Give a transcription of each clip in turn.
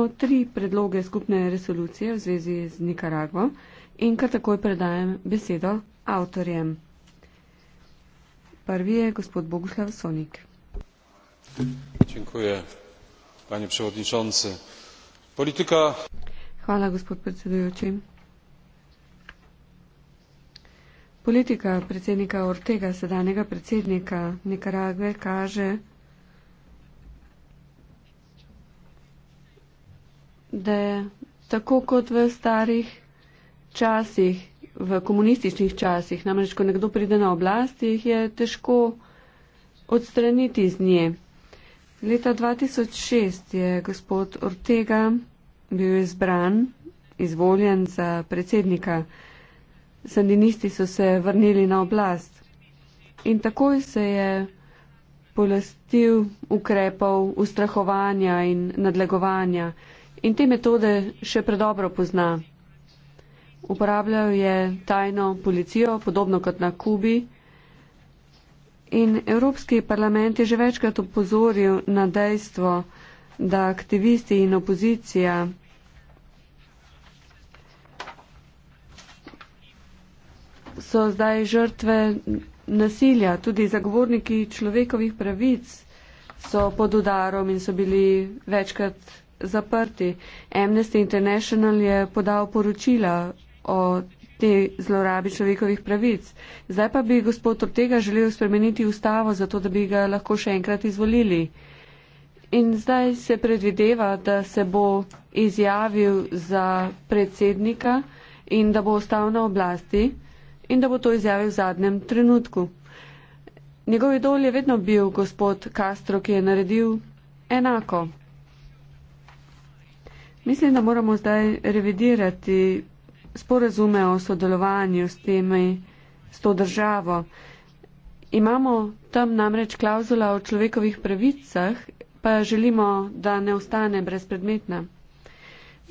bo tri predloge skupne resolucije v zvezi z Nikaragvo in kar takoj predajem besedo avtorjem. Prvi je gospod Boguslav Sonik. Dziękuję, panie przewodniczący. Polityka. Hvala, gospod predsedujoči. Politika predsednika Ortega, sedanjega predsednika Nikaragve, kaže, da je tako kot v starih časih, v komunističnih časih, namreč, ko nekdo pride na oblast, jih je težko odstraniti iz nje. Leta 2006 je gospod Ortega bil izbran, izvoljen za predsednika. Sandinisti so se vrnili na oblast in takoj se je polastil ukrepov ustrahovanja in nadlegovanja. In te metode še predobro pozna. Uporabljajo je tajno policijo, podobno kot na Kubi. In Evropski parlament je že večkrat upozoril na dejstvo, da aktivisti in opozicija so zdaj žrtve nasilja. Tudi zagovorniki človekovih pravic so pod udarom in so bili večkrat zaprti. Amnesty International je podal poročila o te zlorabi človekovih pravic. Zdaj pa bi gospod Ortega želel spremeniti ustavo, zato da bi ga lahko še enkrat izvolili. In zdaj se predvideva, da se bo izjavil za predsednika in da bo ostal na oblasti in da bo to izjavil v zadnjem trenutku. Njegov idol je vedno bil gospod Castro, ki je naredil enako. Mislim, da moramo zdaj revidirati sporazume o sodelovanju s temi, s to državo. Imamo tam namreč klauzula o človekovih pravicah, pa želimo, da ne ostane brezpredmetna.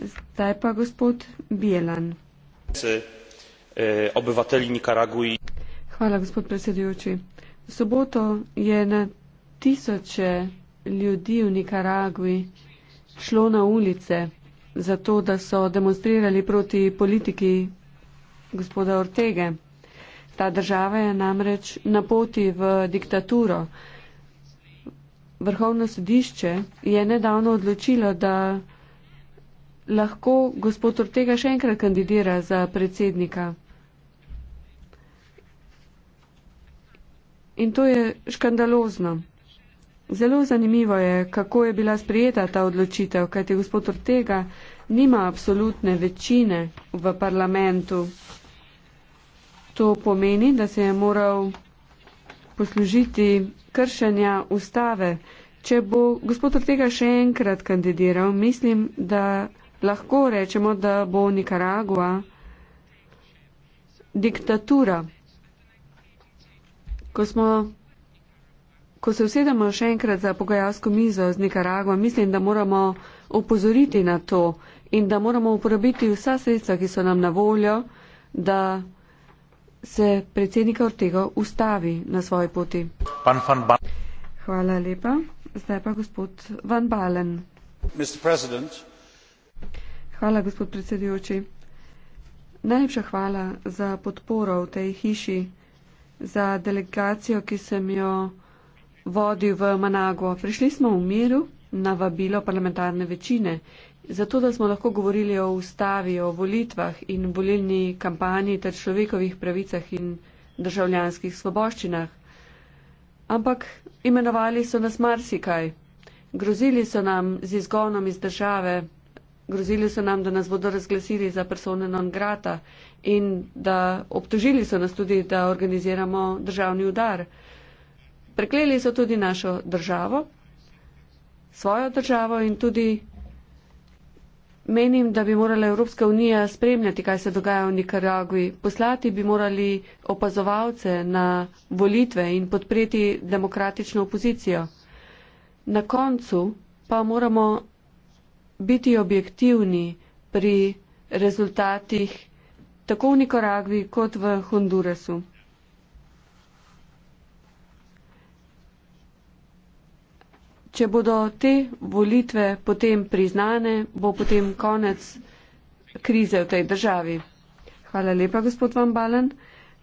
Zdaj pa gospod Bielan. E, Hvala, gospod predsedujoči. V soboto je na tisoče ljudi v Nikaragvi šlo na ulice za to, da so demonstrirali proti politiki gospoda Ortege. Ta država je namreč na poti v diktaturo. Vrhovno sodišče je nedavno odločilo, da lahko gospod Ortega še enkrat kandidira za predsednika. In to je škandalozno. Zelo zanimivo je, kako je bila sprijeta ta odločitev, kajti gospod Ortega nima absolutne večine v parlamentu. To pomeni, da se je moral poslužiti kršenja ustave. Če bo gospod Ortega še enkrat kandidiral, mislim, da lahko rečemo, da bo Nicaragua diktatura. Ko smo Ko se usedemo še enkrat za pogajalsko mizo z Nikaragvo, mislim, da moramo upozoriti na to in da moramo uporabiti vsa sredstva, ki so nam na voljo, da se predsednika Ortega ustavi na svoji poti. Van, van, van. Hvala lepa. Zdaj pa gospod Van Balen. Hvala, gospod predsedujoči. Najlepša hvala za podporo v tej hiši, za delegacijo, ki sem jo vodil v Managvo. Prišli smo v miru na vabilo parlamentarne večine, zato da smo lahko govorili o ustavi, o volitvah in volilni kampanji ter človekovih pravicah in državljanskih svoboščinah. Ampak imenovali so nas marsikaj. Grozili so nam z izgonom iz države, grozili so nam, da nas bodo razglasili za persone non grata in da obtožili so nas tudi, da organiziramo državni udar. Prekleli so tudi našo državo, svojo državo in tudi menim, da bi morala Evropska unija spremljati, kaj se dogaja v Nikaragvi. Poslati bi morali opazovalce na volitve in podpreti demokratično opozicijo. Na koncu pa moramo biti objektivni pri rezultatih tako v Nikaragvi kot v Hondurasu. če bodo te volitve potem priznane, bo potem konec krize v tej državi. Hvala lepa, gospod Van Balen.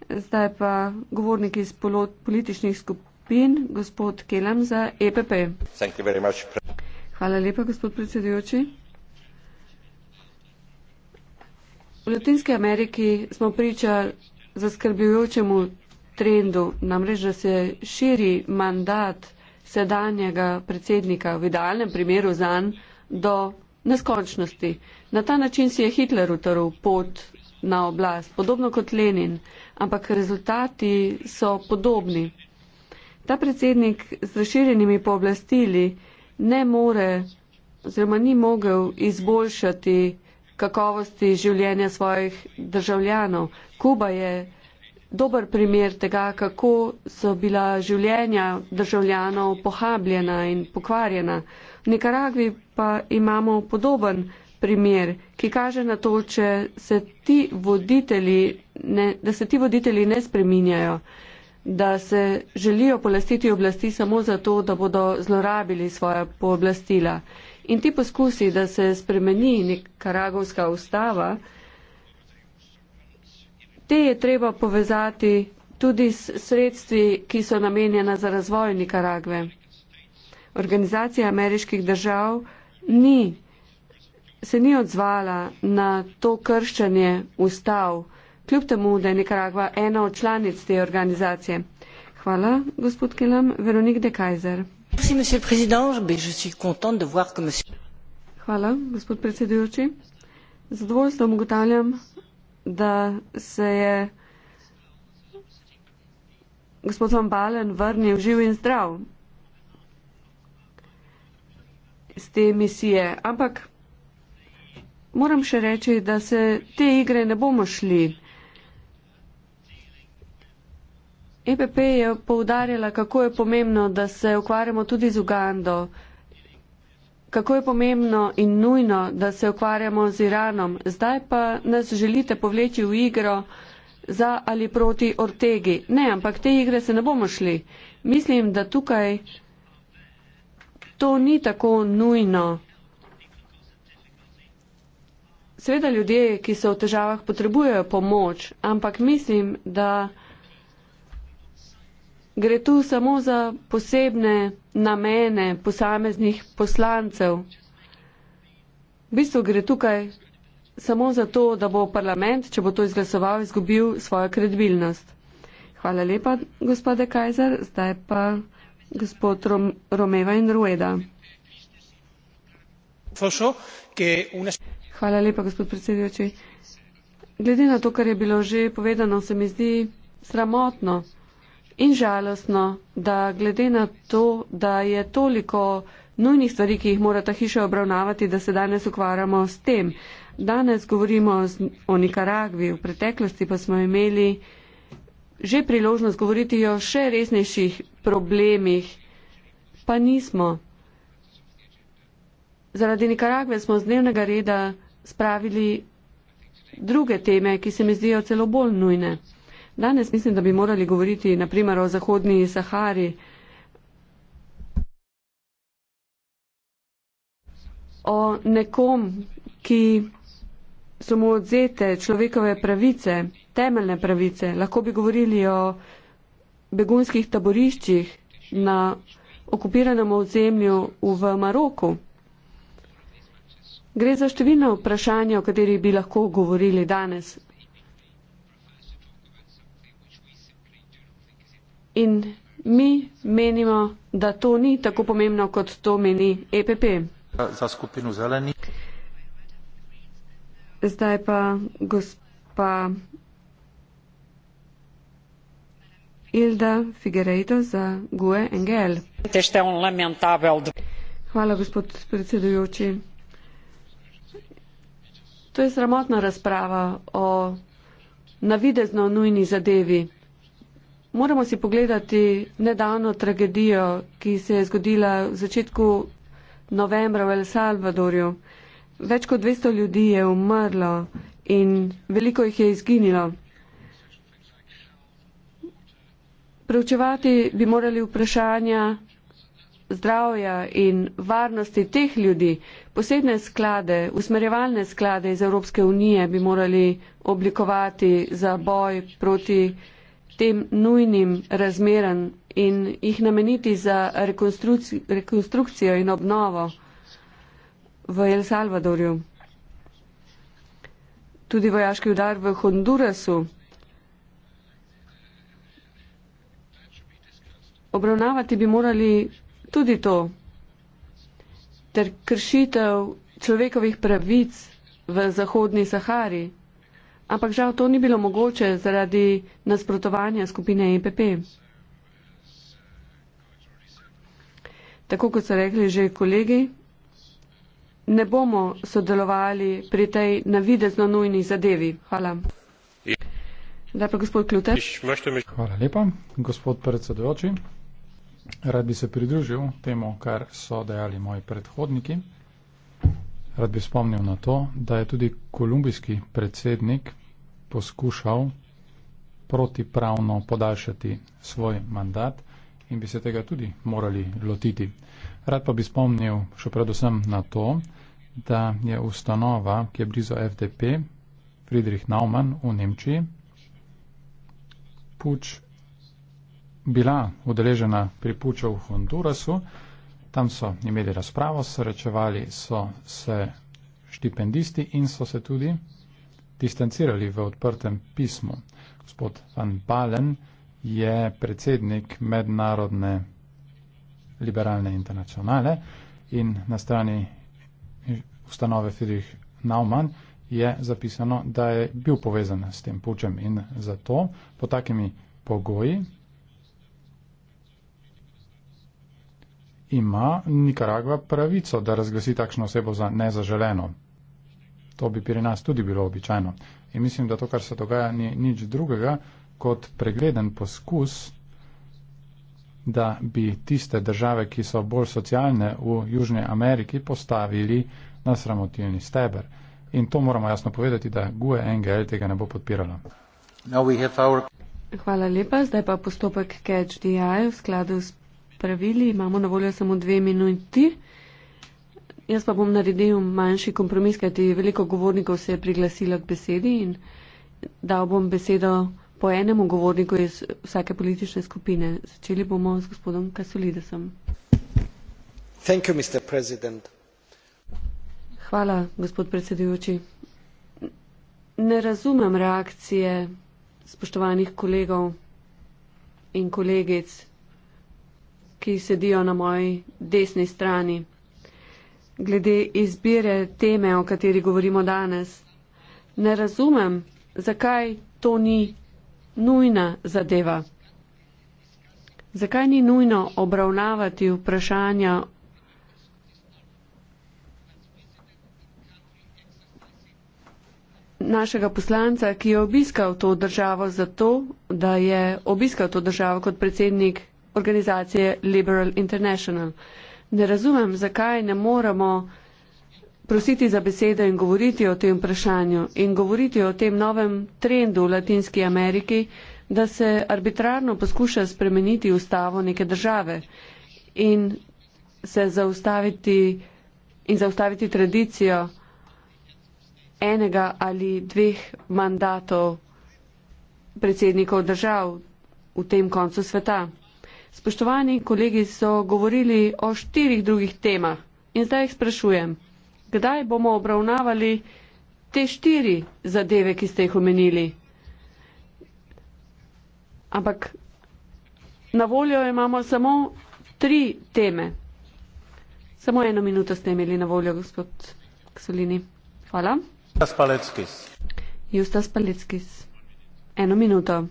Zdaj pa govornik iz političnih skupin, gospod Kelam za EPP. Hvala lepa, gospod predsedujoči. V Latinske Ameriki smo priča zaskrbljujočemu trendu, namreč, da se širi mandat sedanjega predsednika v idealnem primeru zanj do neskončnosti. Na ta način si je Hitler utrl pot na oblast, podobno kot Lenin, ampak rezultati so podobni. Ta predsednik z razširjenimi pooblastili ne more oziroma ni mogel izboljšati kakovosti življenja svojih državljanov. Kuba je dober primer tega, kako so bila življenja državljanov pohabljena in pokvarjena. V Nikaragvi pa imamo podoben primer, ki kaže na to, se ne, da se ti voditelji ne spreminjajo, da se želijo polastiti oblasti samo zato, da bodo zlorabili svoja pooblastila. In ti poskusi, da se spremeni Nikaragovska ustava, Te je treba povezati tudi s sredstvi, ki so namenjena za razvoj Nikaragve. Organizacija ameriških držav ni, se ni odzvala na to krščanje ustav, kljub temu, da je Nikaragva ena od članic te organizacije. Hvala, gospod Kelam. Veronik de Kajzer. Hvala, gospod predsedujoči. Zadovoljstvo mu ugotavljam, da se je gospod Van Balen vrnil živ in zdrav z te misije. Ampak moram še reči, da se te igre ne bomo šli. EPP je poudarjala, kako je pomembno, da se ukvarjamo tudi z Ugando kako je pomembno in nujno, da se ukvarjamo z Iranom. Zdaj pa nas želite povleči v igro za ali proti Ortegi. Ne, ampak te igre se ne bomo šli. Mislim, da tukaj to ni tako nujno. Seveda ljudje, ki so v težavah, potrebujejo pomoč, ampak mislim, da. Gre tu samo za posebne namene posameznih poslancev. V bistvu gre tukaj samo za to, da bo parlament, če bo to izglasoval, izgubil svojo kredibilnost. Hvala lepa, gospode Kajzer. Zdaj pa gospod Rom Romeva in Rueda. Hvala lepa, gospod predsedujoči. Glede na to, kar je bilo že povedano, se mi zdi sramotno in žalostno, da glede na to, da je toliko nujnih stvari, ki jih mora ta hiša obravnavati, da se danes ukvarjamo s tem. Danes govorimo o Nikaragvi, v preteklosti pa smo imeli že priložnost govoriti o še resnejših problemih, pa nismo. Zaradi Nikaragve smo z dnevnega reda spravili druge teme, ki se mi zdijo celo bolj nujne. Danes mislim, da bi morali govoriti naprimer o Zahodni Sahari, o nekom, ki so mu odzete človekove pravice, temeljne pravice. Lahko bi govorili o begunskih taboriščih na okupiranem ozemlju v Maroku. Gre za številna vprašanja, o katerih bi lahko govorili danes. in mi menimo, da to ni tako pomembno, kot to meni EPP. Za skupino zeleni. Zdaj pa gospa Ilda Figueiredo za GUE NGL. Hvala, gospod predsedujoči. To je sramotna razprava o navidezno nujni zadevi. Moramo si pogledati nedavno tragedijo, ki se je zgodila v začetku novembra v El Salvadorju. Več kot 200 ljudi je umrlo in veliko jih je izginilo. Preučevati bi morali vprašanja zdravja in varnosti teh ljudi. Posebne sklade, usmerjevalne sklade iz Evropske unije bi morali oblikovati za boj proti tem nujnim razmeram in jih nameniti za rekonstrukcijo in obnovo v El Salvadorju. Tudi vojaški udar v Hondurasu. Obravnavati bi morali tudi to, ter kršitev človekovih pravic v Zahodni Sahari ampak žal to ni bilo mogoče zaradi nasprotovanja skupine EPP. Tako kot so rekli že kolegi, ne bomo sodelovali pri tej navidezno nujni zadevi. Hvala. Lepo, gospod Kljutek. Hvala lepa, gospod predsedujoči. Rad bi se pridružil temu, kar so dejali moji predhodniki. Rad bi spomnil na to, da je tudi kolumbijski predsednik poskušal protipravno podaljšati svoj mandat in bi se tega tudi morali lotiti. Rad pa bi spomnil še predvsem na to, da je ustanova, ki je blizu FDP, Friedrich Naumann v Nemčiji, puč bila udeležena pri puču v Hondurasu. Tam so imeli razpravo, srečevali so se štipendisti in so se tudi distancirali v odprtem pismu. Gospod Van Balen je predsednik mednarodne liberalne internacionale in na strani ustanove Friedrich Naumann je zapisano, da je bil povezan s tem pučem in zato po takimi pogoji ima Nikaragva pravico, da razglasi takšno osebo za nezaželeno. To bi pri nas tudi bilo običajno. In mislim, da to, kar se dogaja, ni nič drugega kot pregleden poskus, da bi tiste države, ki so bolj socialne v Južni Ameriki, postavili na sramotilni steber. In to moramo jasno povedati, da GUE NGL tega ne bo podpirala. Hvala lepa. Zdaj pa postopek CatchDI v skladu s pravili, imamo na voljo samo dve minuti. Jaz pa bom naredil manjši kompromis, kajti veliko govornikov se je priglasilo k besedi in dal bom besedo po enemu govorniku iz vsake politične skupine. Začeli bomo z gospodom Kasolidesom. You, Hvala, gospod predsedujoči. Ne razumem reakcije spoštovanih kolegov in kolegic ki sedijo na moji desni strani. Glede izbire teme, o kateri govorimo danes, ne razumem, zakaj to ni nujna zadeva. Zakaj ni nujno obravnavati vprašanja našega poslanca, ki je obiskal to državo zato, da je obiskal to državo kot predsednik organizacije Liberal International. Ne razumem, zakaj ne moremo prositi za besede in govoriti o tem vprašanju in govoriti o tem novem trendu v Latinski Ameriki, da se arbitrarno poskuša spremeniti ustavo neke države in se zaustaviti in zaustaviti tradicijo enega ali dveh mandatov predsednikov držav v tem koncu sveta. Spoštovani kolegi so govorili o štirih drugih temah in zdaj jih sprašujem, kdaj bomo obravnavali te štiri zadeve, ki ste jih omenili. Ampak na voljo imamo samo tri teme. Samo eno minuto ste imeli na voljo, gospod Ksolini. Hvala. Justas Paleckis. Justas Paleckis. Eno minuto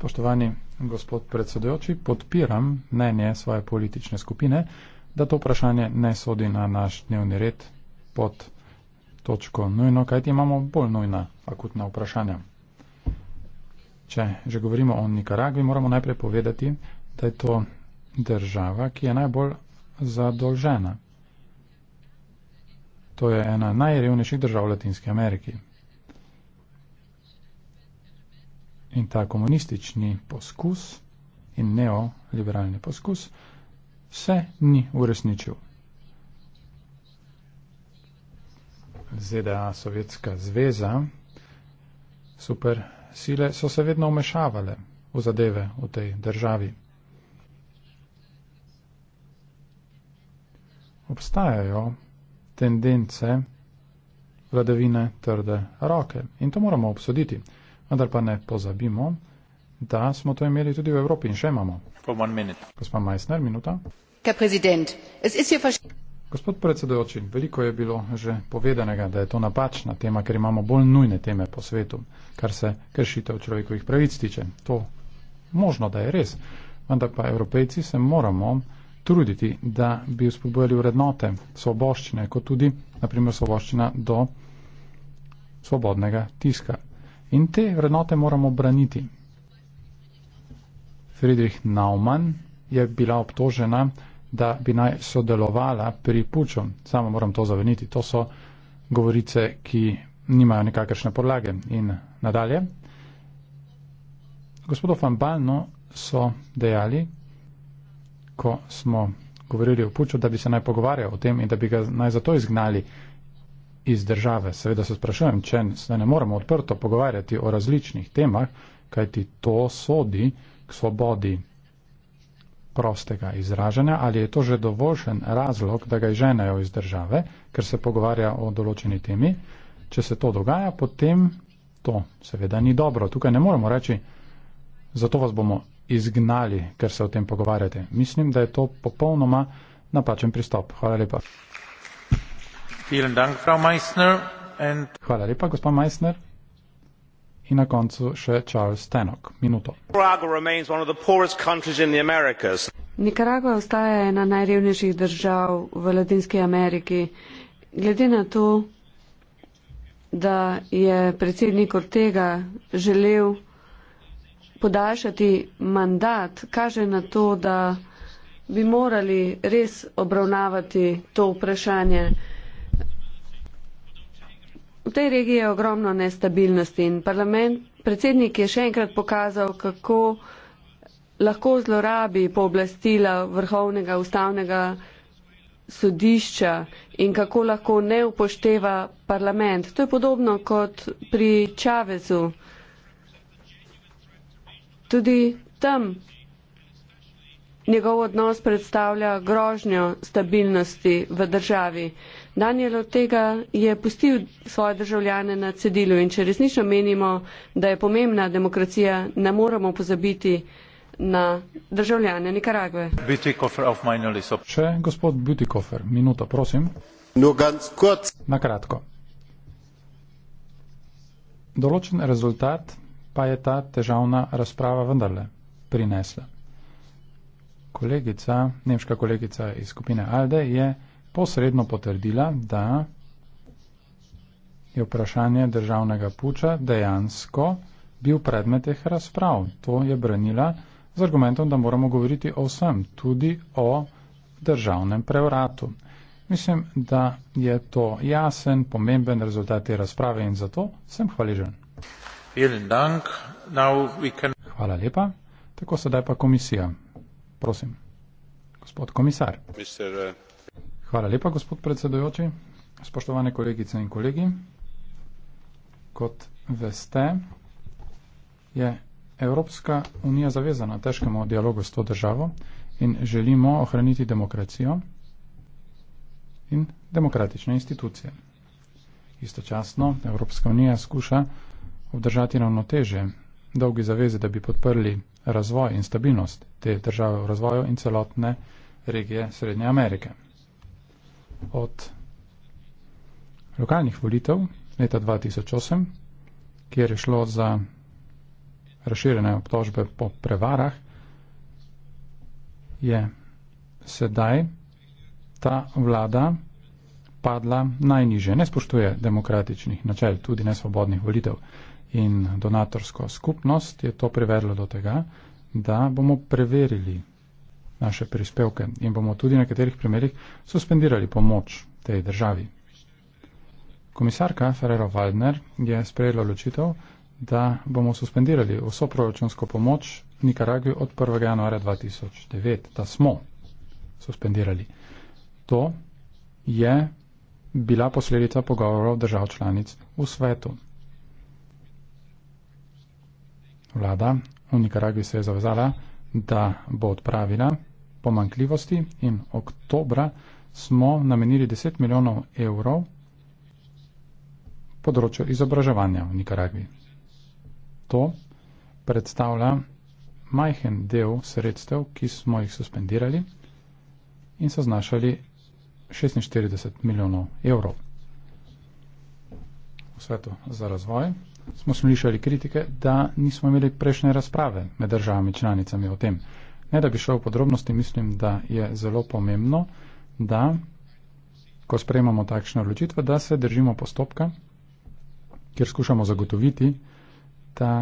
spoštovani gospod predsedujoči, podpiram mnenje svoje politične skupine, da to vprašanje ne sodi na naš dnevni red pod točko nujno, kajti imamo bolj nujna akutna vprašanja. Če že govorimo o Nikaragvi, moramo najprej povedati, da je to država, ki je najbolj zadolžena. To je ena najrevnejših držav v Latinski Ameriki. in ta komunistični poskus in neoliberalni poskus se ni uresničil. ZDA, Sovjetska zveza, super sile so se vedno umešavale v zadeve v tej državi. Obstajajo tendence vladavine trde roke in to moramo obsoditi. Vendar pa ne pozabimo, da smo to imeli tudi v Evropi in še imamo. Gospa Majsner, minuta. Gospod predsedojoči, veliko je bilo že povedanega, da je to napačna tema, ker imamo bolj nujne teme po svetu, kar se kršitev človekovih pravic tiče. To možno, da je res, vendar pa evropejci se moramo truditi, da bi vzpodbojali vrednote svoboščine, kot tudi, naprimer, svoboščina do svobodnega tiska. In te vrednote moramo braniti. Friedrich Naumann je bila obtožena, da bi naj sodelovala pri puču. Samo moram to zaveniti. To so govorice, ki nimajo nekakršne podlage. In nadalje. Gospodo van Balno so dejali, ko smo govorili o puču, da bi se naj pogovarjal o tem in da bi ga naj zato izgnali iz države. Seveda se sprašujem, če se ne moramo odprto pogovarjati o različnih temah, kajti to sodi k svobodi prostega izražanja, ali je to že dovoljšen razlog, da ga izženejo iz države, ker se pogovarja o določeni temi. Če se to dogaja, potem to seveda ni dobro. Tukaj ne moremo reči, zato vas bomo izgnali, ker se o tem pogovarjate. Mislim, da je to popolnoma napačen pristop. Hvala lepa. Hvala lepa, gospod Meissner. In na koncu še Charles Stanok. Minuto. Nicaragua ostaja ena najrevnejših držav v Latinski Ameriki. Glede na to, da je predsednik Ortega želel podaljšati mandat, kaže na to, da bi morali res obravnavati to vprašanje. V tej regiji je ogromno nestabilnosti in parlament, predsednik je še enkrat pokazal, kako lahko zlorabi pooblastila vrhovnega ustavnega sodišča in kako lahko ne upošteva parlament. To je podobno kot pri Čavezu. Tudi tam njegov odnos predstavlja grožnjo stabilnosti v državi. Daniel Ortega je pustil svoje državljane na cedilu in če resnično menimo, da je pomembna demokracija, ne moremo pozabiti na državljane Nikaragve. Še gospod Butikofer, minuto prosim. Na kratko. Določen rezultat pa je ta težavna razprava vendarle prinesla. Kolegica, nemška kolegica iz skupine Alde je posredno potrdila, da je vprašanje državnega puča dejansko bil predmet teh razprav. To je branila z argumentom, da moramo govoriti o vsem, tudi o državnem prevratu. Mislim, da je to jasen, pomemben rezultat te razprave in zato sem hvaležen. Can... Hvala lepa. Tako sedaj pa komisija. Prosim. Gospod komisar. Mister, uh... Hvala lepa, gospod predsedujoči. Spoštovane kolegice in kolegi, kot veste, je Evropska unija zavezana težkemu dialogu s to državo in želimo ohraniti demokracijo in demokratične institucije. Istočasno Evropska unija skuša obdržati ravnoteže dolgi zavezi, da bi podprli razvoj in stabilnost te države v razvoju in celotne regije Srednje Amerike od lokalnih volitev leta 2008, kjer je šlo za razširjene obtožbe po prevarah, je sedaj ta vlada padla najniže. Ne spoštuje demokratičnih načel, tudi nesvobodnih volitev. In donatorsko skupnost je to privedlo do tega, da bomo preverili naše prispevke in bomo tudi na nekaterih primerjih suspendirali pomoč tej državi. Komisarka Ferrero Waldner je sprejela odločitev, da bomo suspendirali vso proračunsko pomoč Nikaragvi od 1. januarja 2009, da smo suspendirali. To je bila posledica pogovorov držav članic v svetu. Vlada v Nikaragvi se je zavezala, da bo odpravila pomankljivosti in oktobra smo namenili 10 milijonov evrov področju izobraževanja v Nikaragvi. To predstavlja majhen del sredstev, ki smo jih suspendirali in so znašali 46 milijonov evrov. V svetu za razvoj smo slišali kritike, da nismo imeli prejšnje razprave med državami članicami o tem, Ne, da bi šel v podrobnosti, mislim, da je zelo pomembno, da ko sprejemamo takšne odločitve, da se držimo postopka, kjer skušamo zagotoviti, da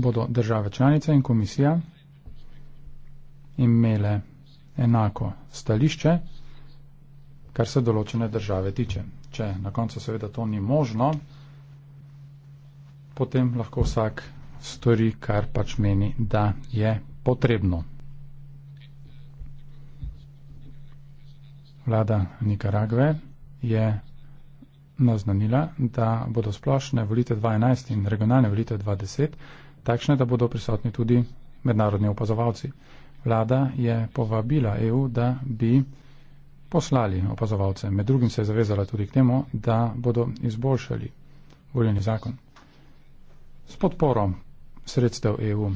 bodo države članice in komisija imele enako stališče, kar se določene države tiče. Če na koncu seveda to ni možno, potem lahko vsak stori, kar pač meni, da je potrebno. Vlada Nikaragve je naznanila, da bodo splošne volitve 2011 in regionalne volitve 2010 takšne, da bodo prisotni tudi mednarodni opazovalci. Vlada je povabila EU, da bi poslali opazovalce. Med drugim se je zavezala tudi k temu, da bodo izboljšali volilni zakon. S podporo sredstev EU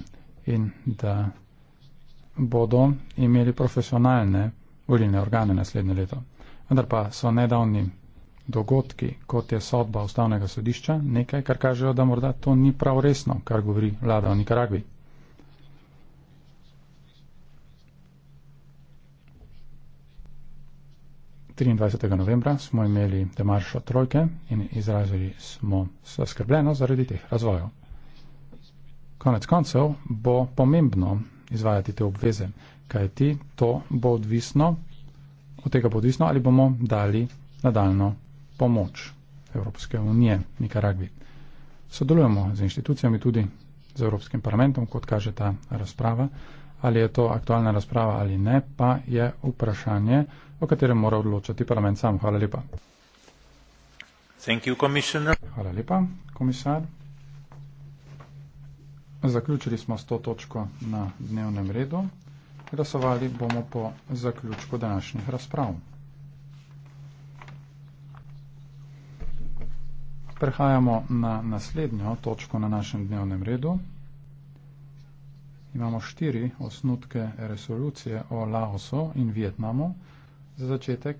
in da bodo imeli profesionalne volilne organe naslednje leto. Vendar pa so nedavni dogodki, kot je sodba ustavnega sodišča, nekaj, kar kažejo, da morda to ni prav resno, kar govori vlada o Nikaragvi. novembra smo imeli demaršo trojke in izrazili smo skrbljeno zaradi teh razvojev. Konec koncev bo pomembno izvajati te obveze, kajti to bo odvisno, od tega bo odvisno, ali bomo dali nadaljno pomoč Evropske unije, Nikaragvi. Sodelujemo z inštitucijami tudi z Evropskim parlamentom, kot kaže ta razprava. Ali je to aktualna razprava ali ne, pa je vprašanje, o katerem mora odločati parlament sam. Hvala lepa. Thank you, Hvala lepa, komisar. Zaključili smo s to točko na dnevnem redu. Glasovali bomo po zaključku današnjih razprav. Prehajamo na naslednjo točko na našem dnevnem redu. Imamo štiri osnutke resolucije o Laosu in Vietnamu. Za začetek